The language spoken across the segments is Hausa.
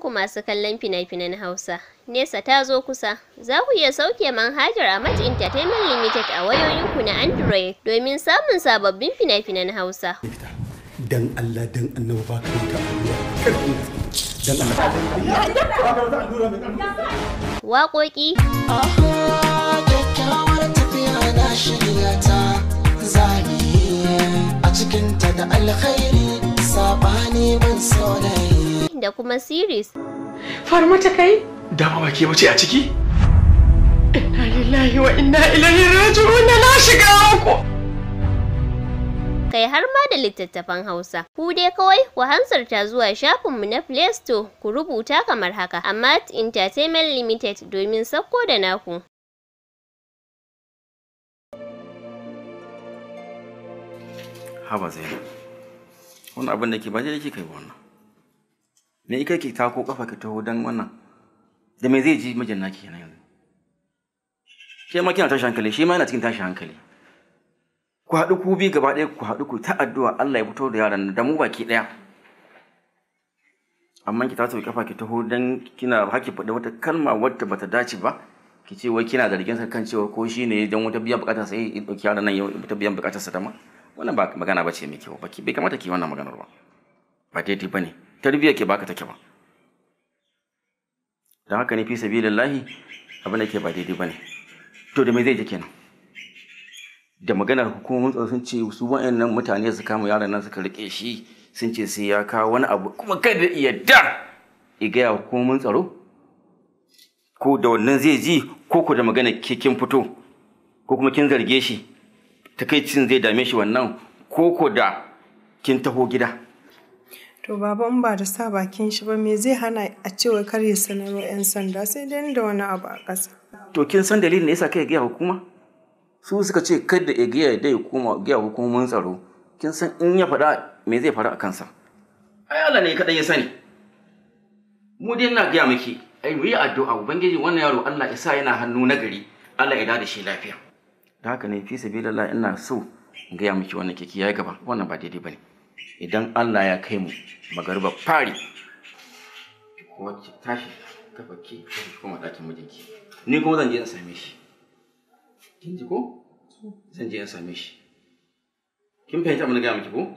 ku masu kallon fina-finan Hausa, Nesa ta zo kusa, za ku iya sauke manhajar Amat Entertainment Limited a wayoyinku na Android domin samun sababbin fina-finan Hausa. Dan Allah dan annabi ba ka wuta Dan Allah. Waƙoƙi. cikinta da alkhairi, saɓani ban saurayi. da kuma series. mata kai? Dama ba ke wuce a ciki? Inna lillahi wa inna ilaihi raji'un na shiga ku. Kai har ma da littattafan Hausa. Ku dai kawai ku hansarta zuwa shafinmu na Play Store ku rubuta kamar haka, amma Entertainment Limited domin sakko da naku. Haba Zainab, wani abin da ke baje da ke kai wannan. me ke ki tako kafa ki taho dan wannan da me zai ji mijin naki kenan yanzu shi ma kina tashi hankali shi ma yana cikin tashi hankali ku haɗu ku bi gaba ɗaya ku haɗu ku ta addu'a Allah ya fito da yaran da mu baki ɗaya amma ki taso kafa ki taho dan kina haki faɗi wata kalma wadda bata dace ba ki ce wai kina zargin sa kan cewa ko shine dan wata biyan bukatar sa ya eh, dauki yaran nan yau ta biyan bukatar sa ta ma wannan ba magana bace mai kyau ba ki bai kamata ki wannan maganar ba ba daidai bane tarbiyyar ke baka take ba don haka ne fi sabilillahi abin da ke ba daidai ba ne, to da me zai je kenan da maganar hukumomin tsaro sun ce su wa'annan mutane su kama yaran nan suka rike shi sun ce sai ya kawo wani abu kuma kada ya da ya gaya hukumomin tsaro ko da wannan zai ji ko ku da magana ke fito ko kuma kin zarge shi takaicin zai dame shi wannan ko ko da kin taho gida To baba in ba da sa bakin shi ba me zai hana a cewa kar ya sanar wa 'yan sanda sai dai da wani abu a ƙasa. To kin san dalilin da yasa kai gaya hukuma? Su suka ce kada ya gaya dai ya koma gaya hukumomin tsaro. Kin san in ya faɗa me zai faru a kansa? Ai Allah ne kaɗai ya sani. Mu dai ina gaya miki ai mu yi addu'a ubangiji wannan yaro Allah ya sa yana hannu na gari Allah ya da shi lafiya. Da haka ne fi sabilillah ina so ga gaya miki wannan kiki yayi gaba wannan ba daidai bane. idan Allah ya kai mu magariba fari kuma ki tashi ta baki kuma ɗakin mijinki ni kuma zan je in same shi kin ji ko zan je in same shi kin fahimta mun ga miki ko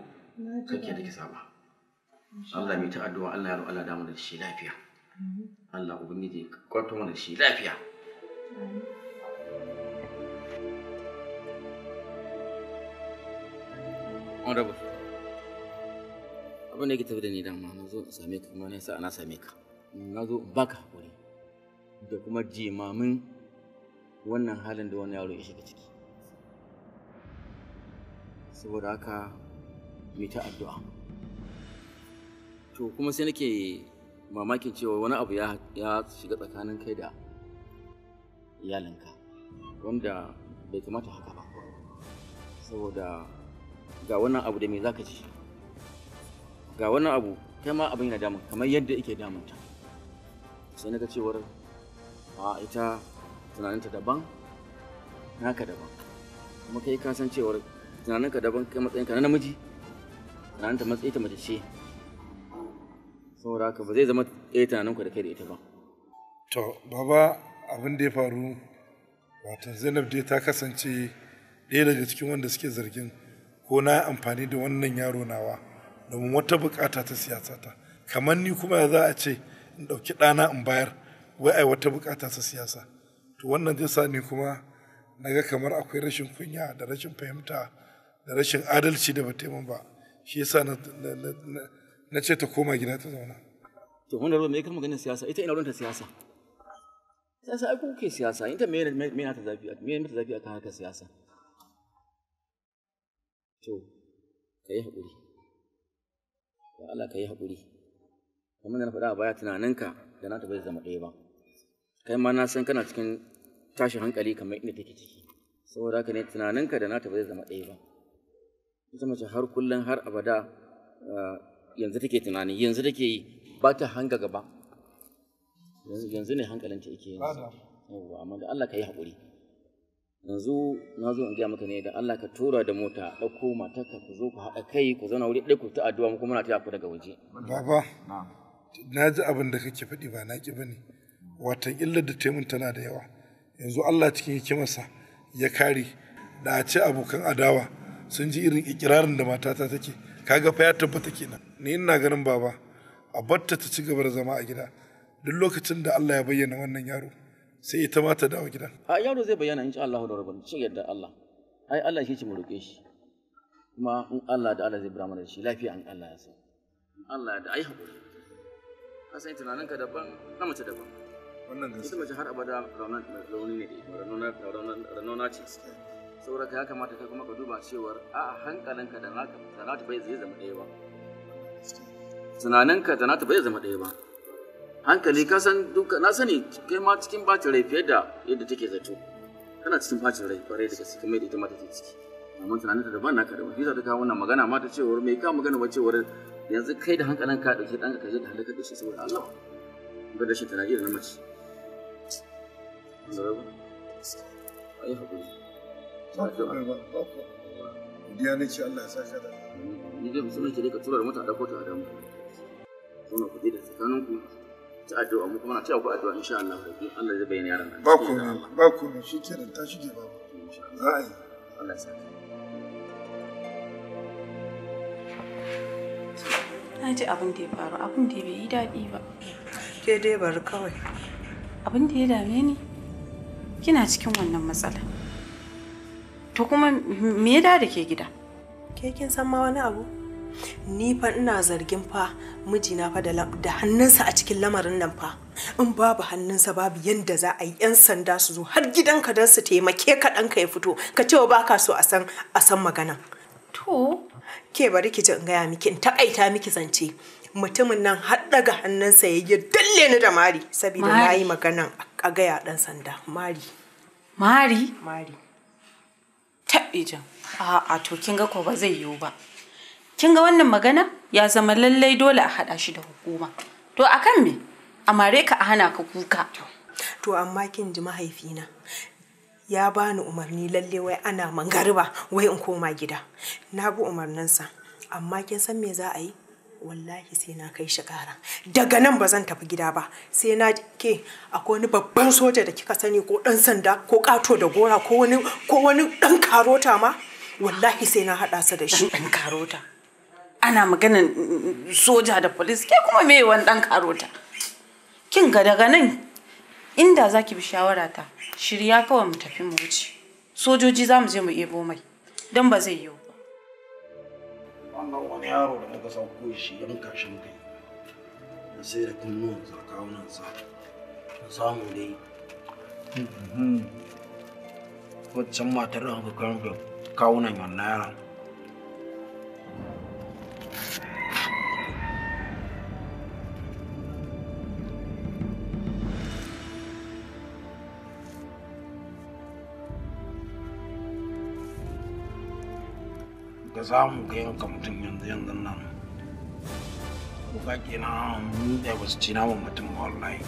kake da ki saba Allah mai ta addu'a Allah ya ro Allah mu da shi lafiya Allah ubangiji ya kwato mana da shi lafiya Honorable. abin da yake tafi da ni dama na zo in same ka kuma na yasa ana same ka na zo baka hakuri da kuma jimamin wannan halin da wani yaro ya shiga ciki saboda haka mai ta addu'a to kuma sai nake mamakin cewa wani abu ya shiga tsakanin kai da iyalinka wanda bai kamata haka ba saboda ga wannan abu da me zaka ci ga wannan abu kai ma abin yana damun kamar yadda yake damunta sai na ga cewar a ita tunaninta daban naka daban kuma kai ka san cewar tunaninka daban kai matsayinka na namiji tunaninta matsayinta mace ce saboda haka ba zai zama ɗaya eh, tunaninku da kai da ita ba to baba abin da ya faru watan zainab dai ta kasance ɗaya daga cikin wanda suke zargin ko na amfani da wannan yaro nawa domin wata bukata ta siyasa ta kamar ni kuma za a ce in ɗauki ɗana in bayar wai ai wata bukata ta siyasa to wannan zai sa ni kuma naga kamar akwai rashin kunya da rashin fahimta da rashin adalci da bata min ba shi yasa na ce ta koma gida ta zauna to wanda ruwa me kama ganin siyasa ita ina ruwanta siyasa siyasa ai kuke siyasa ita me me ta zafi me ta zafi akan haka siyasa to kai hakuri Allah ka yi haƙuri kamar da na faɗa a baya tunaninka da na bai zama ɗaya ba kai ma na san kana cikin tashi hankali kamar inda take ciki saboda haka ne tunaninka da na bai zama ɗaya ba ita mace har kullum har abada ah, yanzu take tunani yanzu take yi ba ta hanga gaba yanzu ne hankalinta yake yanzu amma da Allah ka yi haƙuri yanzu na zo in gaya maka ne da Allah ka tura da mota ɗauko matarka ku zo ku haɗa kai ku zauna wuri ɗaya ku ta addu'a kuma na taya ku daga waje. Baba, na ji abin da kake faɗi ba na ƙi bane. Watan illar da taimun tana da yawa. Yanzu Allah cikin hikimarsa ya kare da a ce abokan adawa sun ji irin ikirarin da matata take kaga fa ya tabbata kenan. Ni ina ganin baba a batta ta ci gaba da zama a gida duk lokacin da Allah ya bayyana wannan yaro. sai ita ma ta dawo gida a yaro zai bayyana in ci Allah da rabban shi yadda Allah ai Allah shi ce mu roƙe shi kuma in Allah da Allah zai bura mana shi lafiya in Allah ya so Allah da ai hakuri ka san tunaninka daban na mace daban wannan gaskiya ita mace har abada raunan launi ne raunan raunan ce saboda ya kamata ka kuma ka duba cewar a hankalinka da naka da nata bai zai zama ɗaya ba tunaninka da nata bai zama ɗaya ba hankali ka san duka na sani kai ma cikin bacin rai fiye da yadda take zato kana cikin bacin rai kwarai da gaske kamar ita ma take ciki amma tunanin ta daban naka daban yasa ta kawo wannan magana ma ta cewar mai ka magana ba cewar yanzu kai da hankalin ka dauke dan ka je da halaka da shi saboda Allah ba da shi tana iya na mace ai hakuri Diya ne ce Allah ya sa shi da. Ni dai musulunci ne ka tura da mutane ko ta Adamu. Zauna ku je da tsakaninku ta addu'a mu kuma na ta ku addu'a insha Allah rabbi Allah zai bayyana yaran nan ba ku ba ku shi ke da tashi da babu za a yi Allah ya sa na ji abin da ya faru abin da bai yi daɗi ba ke dai bari kawai abin da ya dame ni kina cikin wannan matsala to kuma me ya da ke gida ke kin san ma wani abu ni fa ina zargin fa mijina fa da hannunsa a cikin lamarin nan fa in babu hannunsa babu yanda za a yi yan sanda su zo har gidanka don su taimake ka ɗanka ya fito ka cewa ba ka so a san magana to ke bari ki ji in gaya miki in takaita miki zance mutumin nan har daga hannunsa ya yi dalle ni da mari saboda na yi magana a gaya ɗan sanda mari mari mari taɓe a to kin ga ko ba zai yiwu ba kin ga wannan magana ya zama lallai dole a haɗa shi da hukuma to akan me a mare ka a hana ka kuka to amma kin ji mahaifina ya bani umarni lalle wai ana mangariba wai in koma gida na bi umarninsa amma kin san me za a yi wallahi sai na kai shi ƙara. daga nan ba zan tafi gida ba sai na ke akwai wani babban soja da kika sani ko ɗan sanda ko kato da gora ko wani ko wani dan karota ma wallahi sai na haɗa sa da shi dan karota ana maganin soja da polis ke kuma me wani dan karota kin ga daga nan inda zaki bi shawara ta shirya kawai mu tafi mu wuce sojoji za mu je mu ebo mai don ba zai yiwu ba wannan wani yaro da daga sauko shi yanka shi muka yi da sai da kunnuwan zarkawunan sa samu dai mhm. waccan matar da muka kawo kawunan wannan yaron da za mu ga yanka mutum yanzu yanzu nan ko ka kenan mun da ba su ci naman mutum wallahi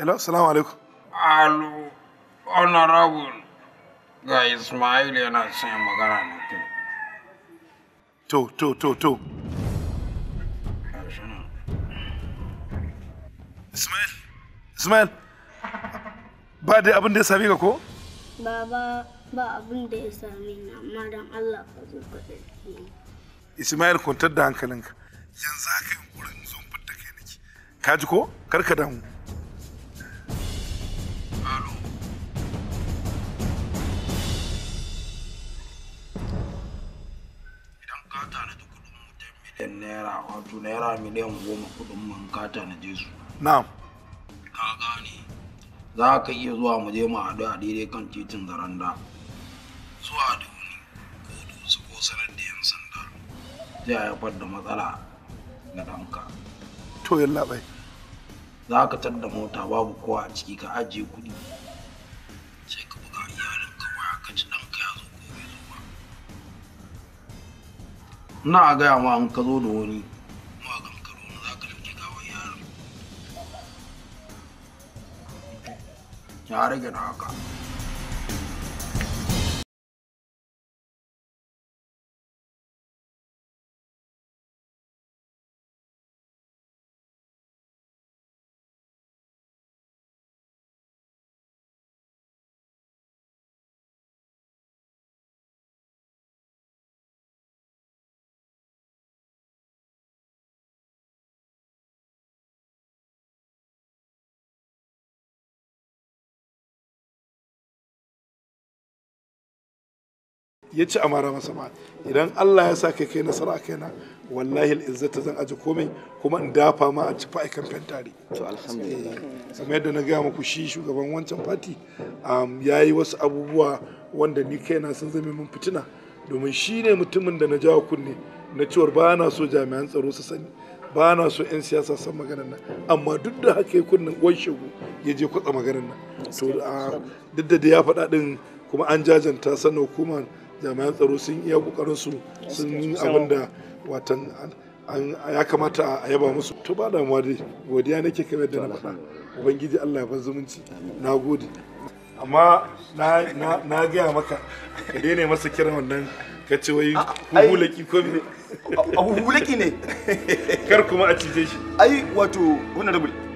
Hello, salamu alaikum. Alo, honorable ga Ismail yana son magana da kai. To, to, to, to. Ismail, Ismail, ba da abin da ya sami ka ko? Baba, ba abin da ya sami na amma don Allah ka zo ka ɗauke Ismail kwantar da hankalinka. Yanzu haka yin kurin zon fitta kai nake. Ka ji ko? Kar ka damu. yan naira wato naira miliyan goma kudin mun ka tanaje su na'am ka gane za ka iya zuwa mu je mu haɗu a daidai kan titin zaranda zuwa da wani ko dusu ko sanar da yan sanda zai haifar da matsala ga ɗanka to yalla bai za ka tar da mota babu kowa a ciki ka ajiye kuɗi sai ka ina gaya ma an ka zo da wani ya rage na haka ya ci amara masa ba idan Allah ya sa kai kai nasara a kaina wallahi izzata zan aji komai kuma in dafa ma a ci aikan fentari to alhamdulillah eh, kamar yadda na gaya muku shi shugaban wancan fati um, ya yi wasu abubuwa wanda ni kaina sun zame min fitina domin shi ne mutumin da na jawo kunne na cewar ba na so jami'an tsaro su sani ba na so 'yan siyasa san maganar nan amma duk da haka ya kunnen uwan shegu ya je kwatsa maganar nan to duk da ya faɗa ɗin kuma an jajanta sannan hukumar jami'an tsaro sun iya kokarin su sun abin da watan ya kamata a yaba musu to ba damuwa dai godiya nake kai da na faɗa ubangiji Allah ya bar zumunci na gode amma na gaya maka ka daina masa kiran wannan ka ce wai hulaki ko me hulaki ne kar kuma a cije shi ai wato honorable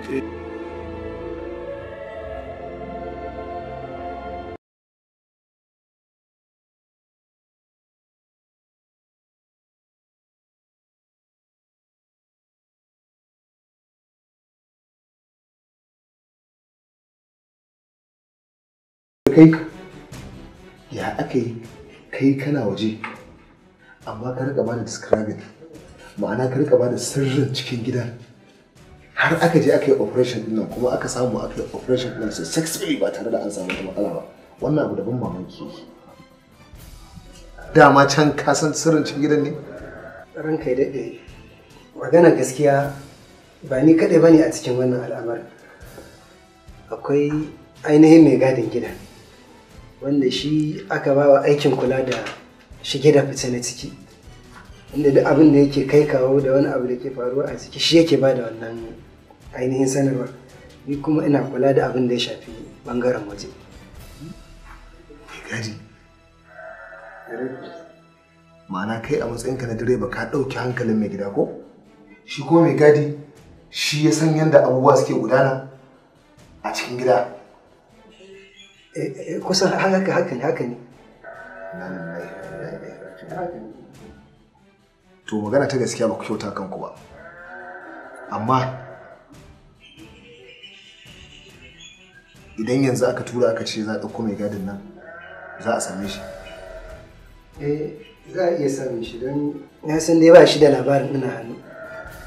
kai ka ya aka yi kai kana waje amma ka rika bada describing ma'ana ka rika bada sirrin cikin gida har aka je aka yi operation din nan kuma aka samu aka yi operation din nan successfully ba tare da an samu matsala ba wannan abu daban mamaki dama can ka san sirrin cikin gidan ne ranka ya daɗe magana gaskiya ba ni kaɗai ba ne a cikin wannan al'amarin akwai ainihin mai gadin gidan wanda shi aka ba wa aikin kula da shige da fice na ciki inda duk abin da yake kai kawo da wani abu da ke faruwa a ciki shi yake ba da wannan ainihin sanarwa ni kuma ina kula da abin da ya shafi bangaren waje ma'ana kai a matsayinka na direba ka ɗauki hankalin mai gida ko shi kuma mai gadi shi ya san yadda abubuwa suke gudana a cikin gida Eh, eh, kusan haka haka ne haka ne to magana ta gaskiya ba ku kyauta kanku ba amma idan yanzu aka tura aka ce za a ɗauko mai gadin nan za a same shi eh, za a iya same shi don na san dai ba shi da labarin ina hannu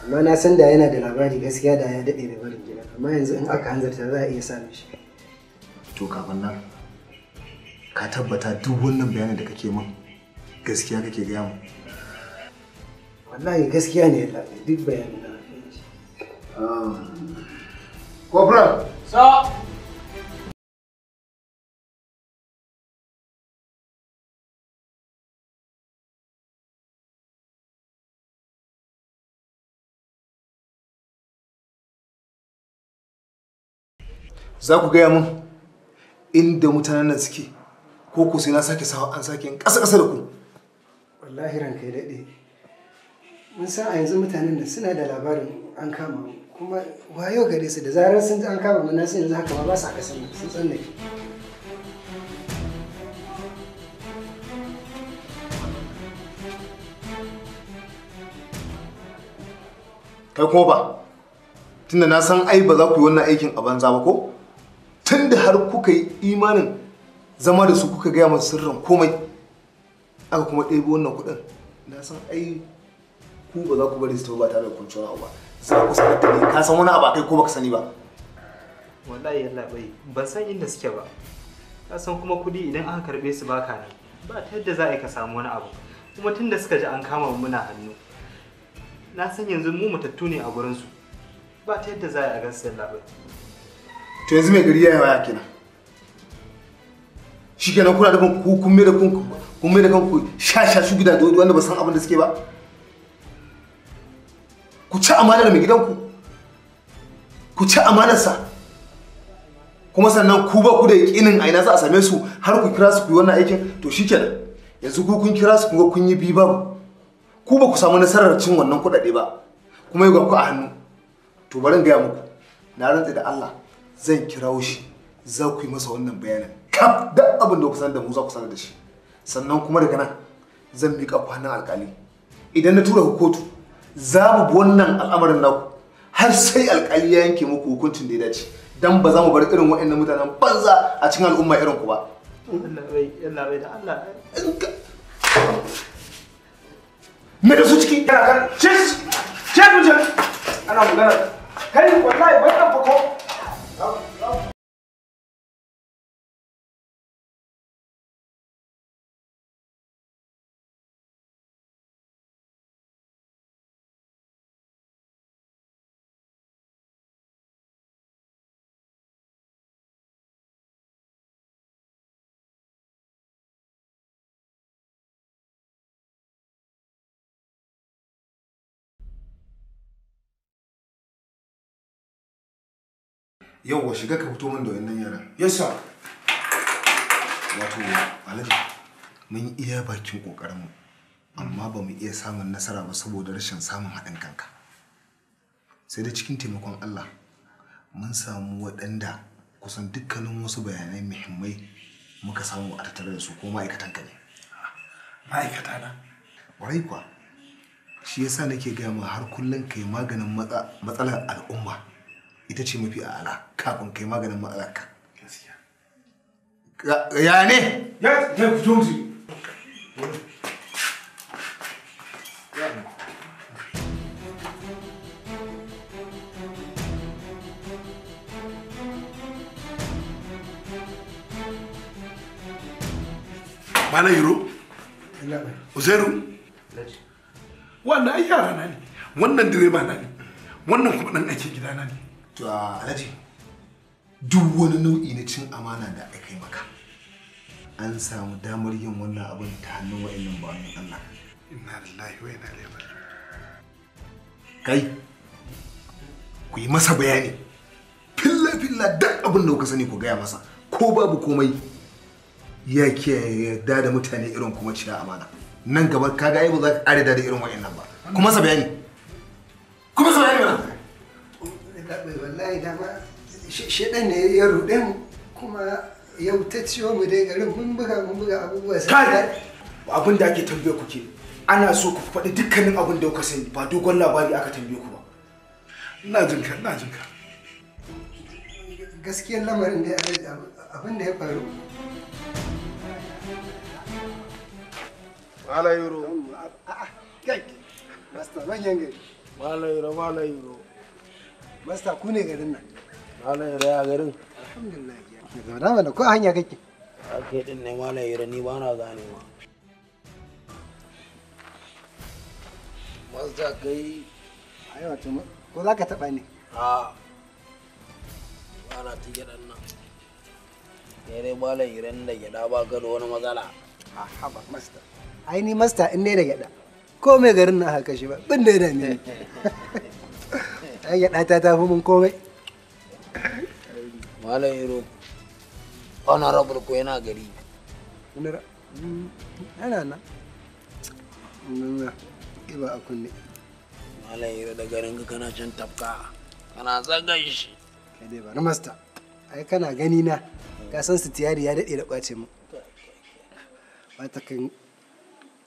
amma na san da yana da labari gaskiya da ya daɗe da barin gida amma yanzu in aka hanzarta za a iya same shi to kafin nan ka tabbata duk wannan bayanin da kake min gaskiya kake gaya mu wallahi gaskiya ne ya duk bayanin da ah. Corporal! Sa! Za ku gaya mun inda mutanen nan suke ko ko sai na sake sawa an sake ƙasa ƙasa da ku wallahi ranka ya daɗe mun san a yanzu mutanen nan suna da labarin an kama kuma wayo gare su da zarar sun an kama mun na yanzu haka ba sa kasan sun tsallake kai kuma ba tunda na san ai ba za ku yi wannan aikin a banza ba ko tun da har kuka yi imanin zama da su kuka gaya masu sirrin komai aka kuma ɗebo wannan kuɗin na san ai ku ba za ku bari su ba tare da kun abu ba za ku sanar da ne ka san wani abu a kai ko baka sani ba wallahi yalla bai ban san inda suke ba ka san kuma kuɗi idan aka karɓe su baka ne ba ta yadda za a yi ka samu wani abu kuma tun da suka ji an kama muna hannu na san yanzu mu matattu ne a gurinsu ba ta yadda za a yi a gansu yalla bai to yanzu mai gari yayi waya kenan shi kenan kuna da ku kun mai da kanku kun mai da kanku shasha su gidaje wanda ba san abin da suke ba ku ci amanar mai gidanku ku ci amanarsa kuma sannan ku ba ku da yakinin a ina za a same su har ku kira su ku yi wannan aikin to shikenan yanzu ku kun kira su kun kun yi bi babu ku ba ku samu nasarar cin wannan kuɗaɗe ba kuma yi ku a hannu to bari in gaya muku na rantse da Allah zan kirawo shi za ku yi masa wannan bayanin kaf duk abin da ku sanar da mu za ku sanar da shi sannan kuma daga nan zan miƙa ku hannun alƙali idan na tura ku kotu za mu bi wannan al'amarin naku har sai alƙali ya yanke muku hukuncin da ya dace dan ba za mu bar irin waɗannan mutanen banza a cikin al'umma irin ku ba me da su ciki kana kan ce ce ana magana kai wallahi bai ɗan fako Tchau, tchau. yauwa shiga ka fito min da wannan yaran yes sir wato alhaji mun yi iya bakin kokarin mu amma ba mu iya samun nasara ba saboda rashin samun haɗin kanka sai da cikin taimakon Allah mun samu waɗanda kusan dukkanin wasu bayanai muhimmai muka samu a tattare da su ko ma'aikatan ka ne ma'aikata na ƙwarai kuwa shi yasa nake ga mu har kullum kai maganin matsalar al'umma ita ce mafi ala kafin kai maganin matsalarka ya ne ya ta fito musu Bala Yiro? Uzairu? Wannan ayyara na ne, wannan direba na ne, wannan kuma ɗan ake gida na ne. alhaji duk wani nau'i na cin amana da aka yi maka an samu damar yin wannan abin ta hannun wa'annan ba wani Allah inna lillahi wa inna ilaihi kai ku yi masa bayani filla filla duk abin da kuka sani ku gaya masa ko babu komai ya kiyaye yarda da mutane irin kuma ciya amana nan gaba kaga ai ba za ka kare da irin wa'annan ba kuma sa bayani kuma sa wallahi dama shiɗan ne ya ruɗe mu kuma yau ta ciwo mu dai garin mun buga mun buga abubuwa sai abin da ake tambaye ku ke ana so ku faɗi dukkanin abin da kuka sani ba dogon labari aka tambaye ku ba ina jin ka ina jin ka gaskiyar lamarin da abin da ya faru Wala yuro. A'a, kai. Basta, ban yange. Wala yuro, wala yuro. Masta ku ne garin nan. Malam Yura ya garin. Alhamdulillah. Zauna mana ko hanya kake? Ake din ne Malam Yura ni ba na gane ma. Mazda kai. Ai wato ko za ka taɓa ni. A. Ba na ti nan. Sai dai Malam da gyaɗa ba ka da wani matsala. A haba Masta. Ai ni Masta in ne da Ko mai garin na haka shi ba. Bin da ya dame ni. ai ɗata ta fi mun komai malam iro ko yana gari nuna a kunne malam iro da garin ka kana can tafka kana zagan shi kai dai bari masta ai kana gani na ka san su tiyari ya daɗe da ƙwace mu wata kan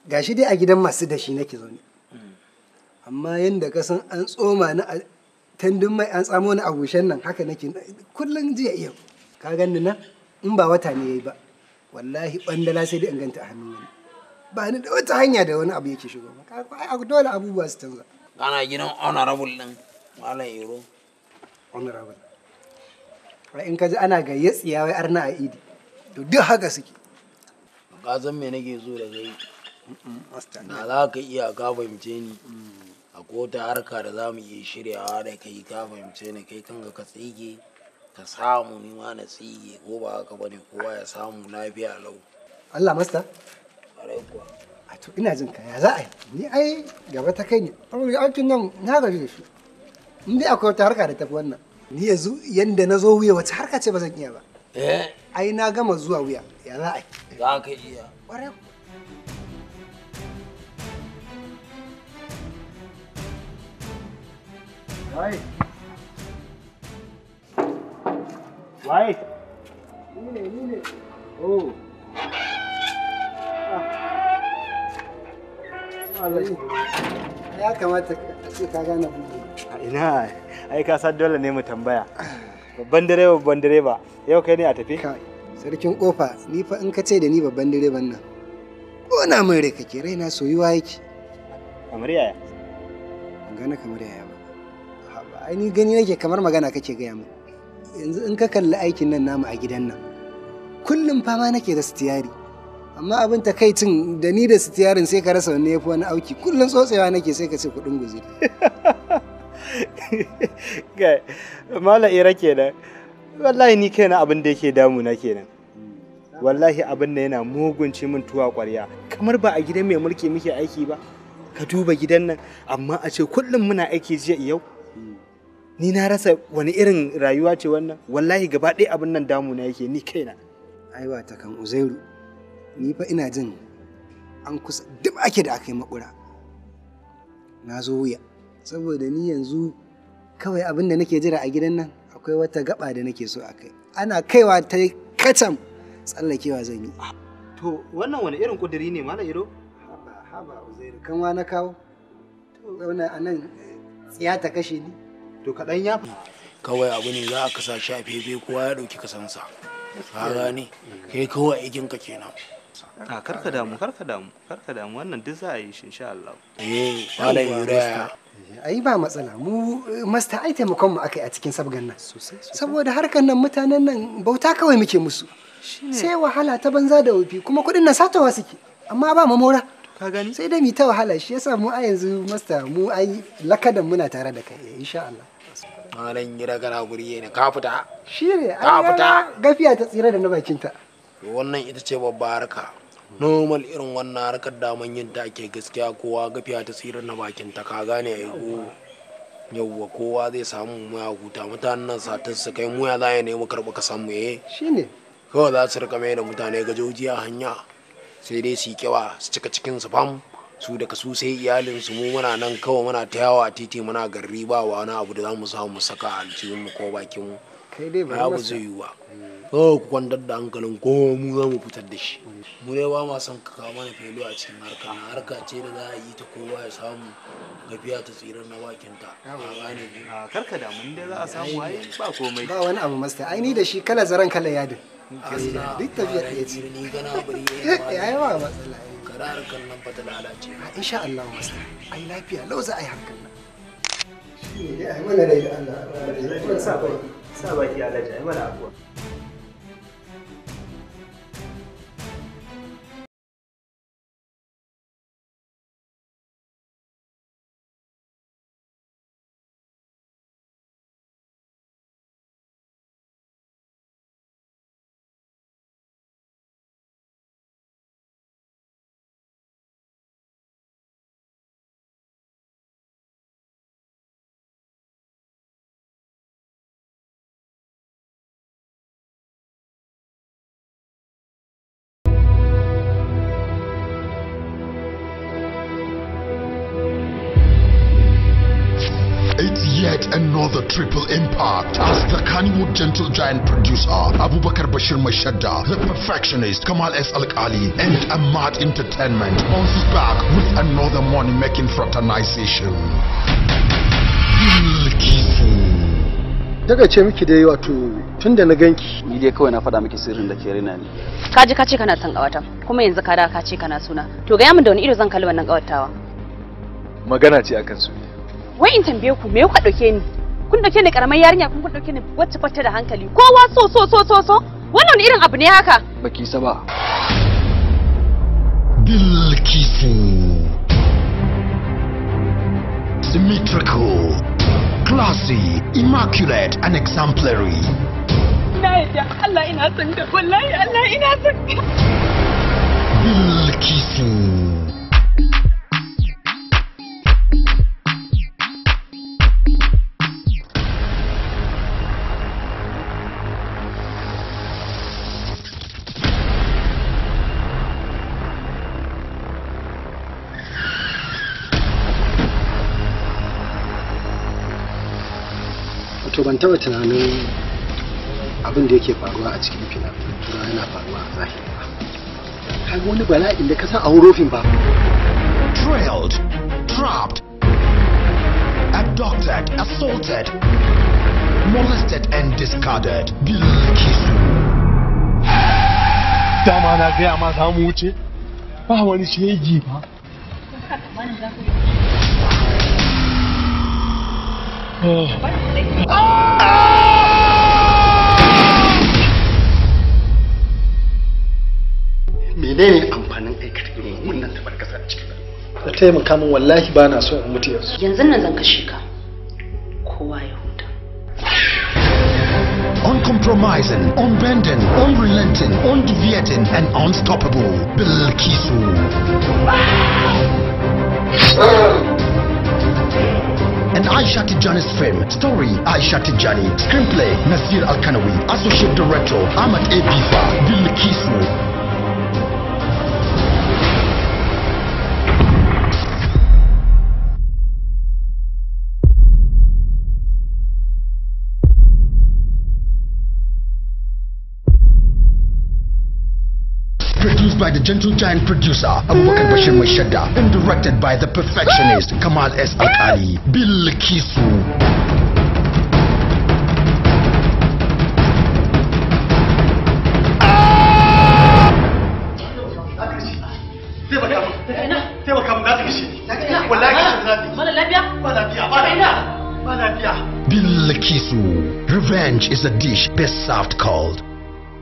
gashi dai a gidan masu dashi nake zaune hmm. amma yadda ka san an tsoma ni tandun mai an tsamo ni a gushen nan haka nake kullum jiya iya ka ganni nan in ba wata ne yayi ba wallahi bandala sai dai in ganta a hannun wani ba ni da wata hanya da wani abu yake shigo ba dole abubuwa su canza kana gidan honorable din malam yoro honorable wai in ka ji ana gayya tsiyawai arna a idi to duk haka suke ka zan me nake so da kai na za ka iya ka fahimce ni akwai wata harka da za mu iya shiryawa da kai ka fahimce ni kai kanka ka tsige ka samu ni ma na tsige ko ba haka bane kowa ya samu lafiya lau Allah masta a to ina jin ka ya za a yi ni ai gaba ta kai ne aikin nan na gaji da shi in dai akwai wata harka da tafi wannan ni yanzu yanda na zo wuya wata harka ce ba zan iya ba eh ai na gama zuwa wuya ya za a yi za ka iya ƙwarai Waye? Waye? Ni ne, ni ne. Oh. a Ina, ai ka san dole ne mu tambaya. Babban direba, babban direba. Yau kai ne a tafi? Sarkin kofa, ni fa in ka ce da ni babban direban nan. Ko na mai rai kake raina soyuwa yake. Kamar yaya? Ban gane ni gani nake kamar magana kake gaya min yanzu in ka kalli aikin nan namu a gidan nan kullum fama nake da sitiyari amma abin tun da ni da sitiyarin sai ka rasa wani yafi wani auki kullum tsotsewa nake sai ka ce kudin guzi kai mala ira kenan wallahi ni kaina abin da yake damuna kenan wallahi abin da yana mugunci min tuwa kwarya kamar ba a gidan mai mulki muke aiki ba ka duba gidan nan amma a ce kullum muna aiki jiya yau ni na rasa wani irin rayuwa ce wannan wallahi gaba ɗaya abin nan damuna yake ni kaina aiwa ta kan uzairu ni fa ina jin an kusa duk ake da aka yi makura na zo wuya saboda ni yanzu kawai abin da nake jira a gidan nan akwai wata gaba da nake so a kai ana kaiwa ta kacam tsallakewa zan yi to wannan wani irin kudiri ne malam ido haba haba uzairu wa na kawo zauna a eh, tsiya ta kashe ni to kaɗan ya kawai abu ne za a kasa shi a fefe kowa ya ɗauki kasansa ka gane kai kawai aikin ka kenan a ah, karka damu karka damu karka damu wannan duk za a yi shi insha Allah eh malam a ai ba matsala mu masta ai taimakon mu akai a cikin sabgan nan saboda harkar nan mutanen nan bauta kawai muke musu sai wahala ta banza da wofi kuma kuɗin na satawa suke amma ba mu mora ka gani sai dai mu ta wahala shi yasa mu a yanzu masta mu ai lakadan muna tare da kai insha Allah Malam yi ragara guri ne ka fita shi ne ka fita gafiya ta tsira da na bakin ta wannan ita ce babbar harka normal irin wannan harkar daman yin ta ke gaskiya kowa gafiya ta tsira na bakin ta ka gane ai yawwa kowa zai samu mu huta mutanen nan satin su kai muya ya za ya nemi karɓa samu eh shine kawai za su rika mai da mutane gajoji a hanya sai dai su yi kyawa su cika cikin su fam su daga su sai iyalin su mu muna nan kawai muna ta yawa a titi muna garri ba wa wani abu da za mu samu saka a mu ko bakin mu kai dai ba mu zai yi ba kawai ku kwandar da hankalin ko mu za mu fitar da shi hmm. mu dai ba ma son ka kawo mana felo a cikin harka na harka ce da za a yi ta kowa ya samu gafiya ta tsirar na bakin ta a karka ah, da mun dai za a samu waye ba komai ba wani abu masta ai ni da shi kala zaran kala yadin duk tafiya ɗaya ce ni gana bari yayi ba matsala da harkar nan ba ta lalace ba sha Allah master ai lafiya lau za a yi harkar nan shi ne dai a yi mana rai da Allah sa baki sa baki a yi mana abuwa draw the triple impact as the Kanywood Gentle Giant producer, Abubakar Bashir Mashadda, the perfectionist Kamal S. Al Ali, and Ahmad Entertainment bounces back with another money making fraternization. daga ce miki dai wato tun da na ganki ni dai kawai na faɗa miki sirrin da ke rina ni ka ji ka ce kana son ƙawata kuma yanzu ka da ka ce kana suna to ga yamin da wani ido zan kalli wannan ƙawatawa magana ce akan su wai in tambaye ku me kuka dauke ni kun dauke ni karamar yarinya kun kun dauke ni wacce bata da hankali kowa so so so so so wannan irin abu ne haka baki ba. Bilkisu Symmetrical Classy Immaculate and Exemplary Allah ina son da wallahi Allah ina son Bilkisu ban taɓa tunanin abin da yake faruwa a cikin fina turawa yana faruwa a zahiri ba kai wani bala'in da ka sa a wurofin ba trailed trapped abducted assaulted molested and discarded bilkisu dama na gaya ma za wuce ba wani shegi ba menene amfanin aikata irin wannan tabar kasa a cikin da taimaka min wallahi ba na so in mutu yanzu yanzu nan zan kashe ka kowa ya huta uncompromising unbending unrelenting undeviating and unstoppable bilkisu ah! and Aisha Tijani's film. Story Aisha Tijani. Screenplay Nasir Al Kanawi. Associate Director Ahmad A. Bill Dilkismu. the gentle giant producer Abubakar Bashir Mashada and directed by the perfectionist Kamal S. Akari, Bill Kisu. Ah! Bilkisu. Revenge is a dish best served cold.